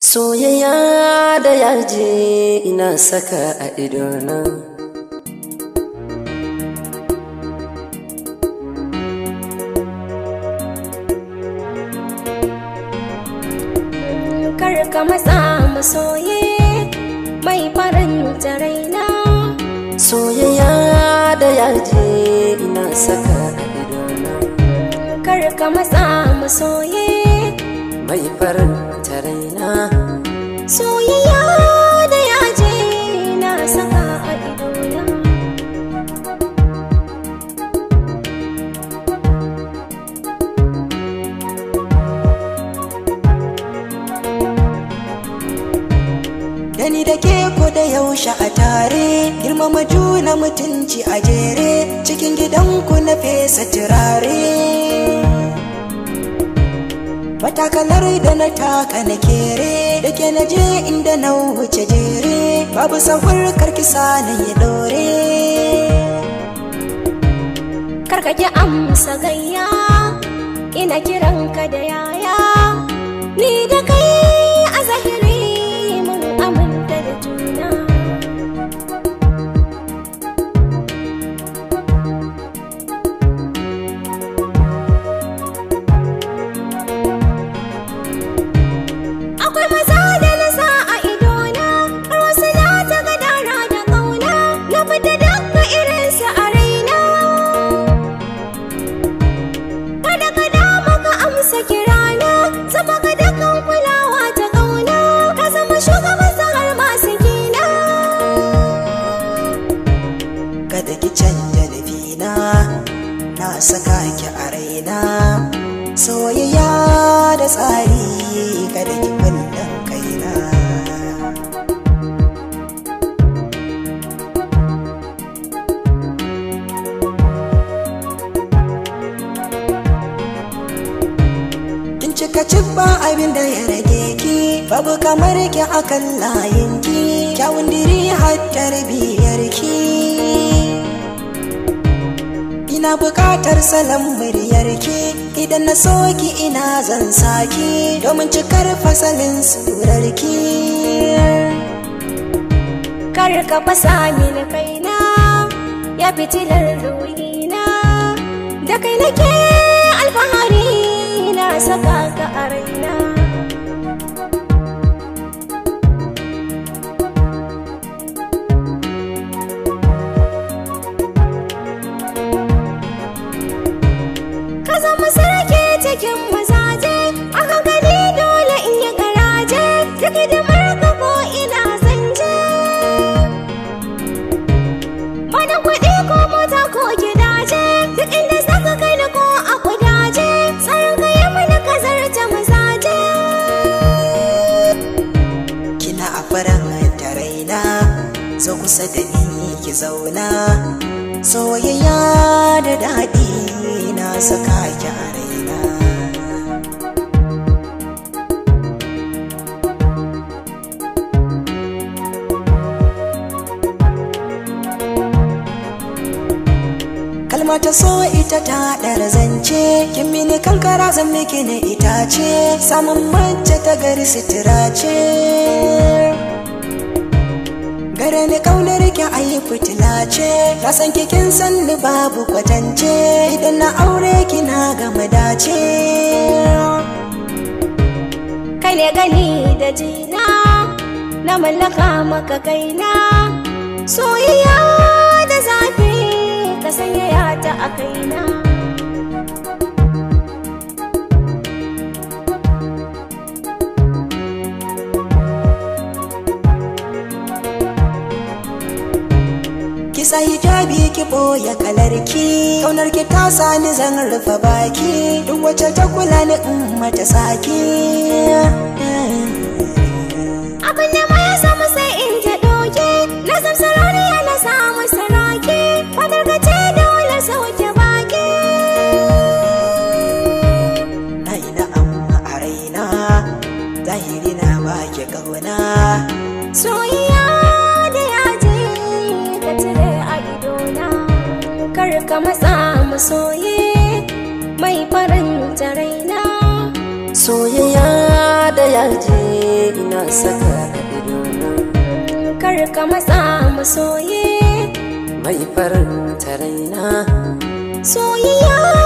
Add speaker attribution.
Speaker 1: soyayya da yaje ina saka a idona
Speaker 2: ka matsa masoye mai faranta raina soyayya da yaje ina saka a idona kar ka matsa masoye mai faranta raina soyayya da yaje na saka a idona
Speaker 1: Dani da ke ko da yaushe a tare girmama juna mutunci a jere cikin gidanku na fesa turare matakalar da na taka na kere da ke na je inda na wuce jere babu sahur karkisa na ya
Speaker 2: dore karkaki amsa gayya ina kiranka da yaya ni da kai
Speaker 1: saka ki a raina soyayya da tsari kada ki kunna kaina kin cika cibba abin da ya rage ki babu kamar ki akan layin ki kyawun diri har tarbiya ina buƙatar salon muryar ke idan na soki ina zan saki domin cikar fasalin surar
Speaker 2: ke kar ka fasa mini kaina ya fitilar ruwa
Speaker 1: da raina zo kusa da ni ki zauna soyayya da daɗi na saka ki a raina kalma ta so ita ta ɗar zance kin mini kankara zan miki ne itace samun mace ta gari sitira ce Kar ni kaunar ki ayi fitila ce Na san ki kin babu kwatance Idan na aure ki na
Speaker 2: gama dace Kai ne gani da jina Na mallaka maka kaina Soyayya da zafi ka sanya ta a kaina
Speaker 1: da hijabi ki boye kalarki kaunar ki ta sani zan rufe baki duk wacce ta kula ni in mata saki
Speaker 2: abin da ma ya samu sai in ta doke na ya na samu saraki fadar ka ce dole sauke baki na ina amma a raina zahiri na baki kauna soyayya soye mai faranta raina soyayya da yaje ina saka kar ka matsa masoye mai farin raina soyayya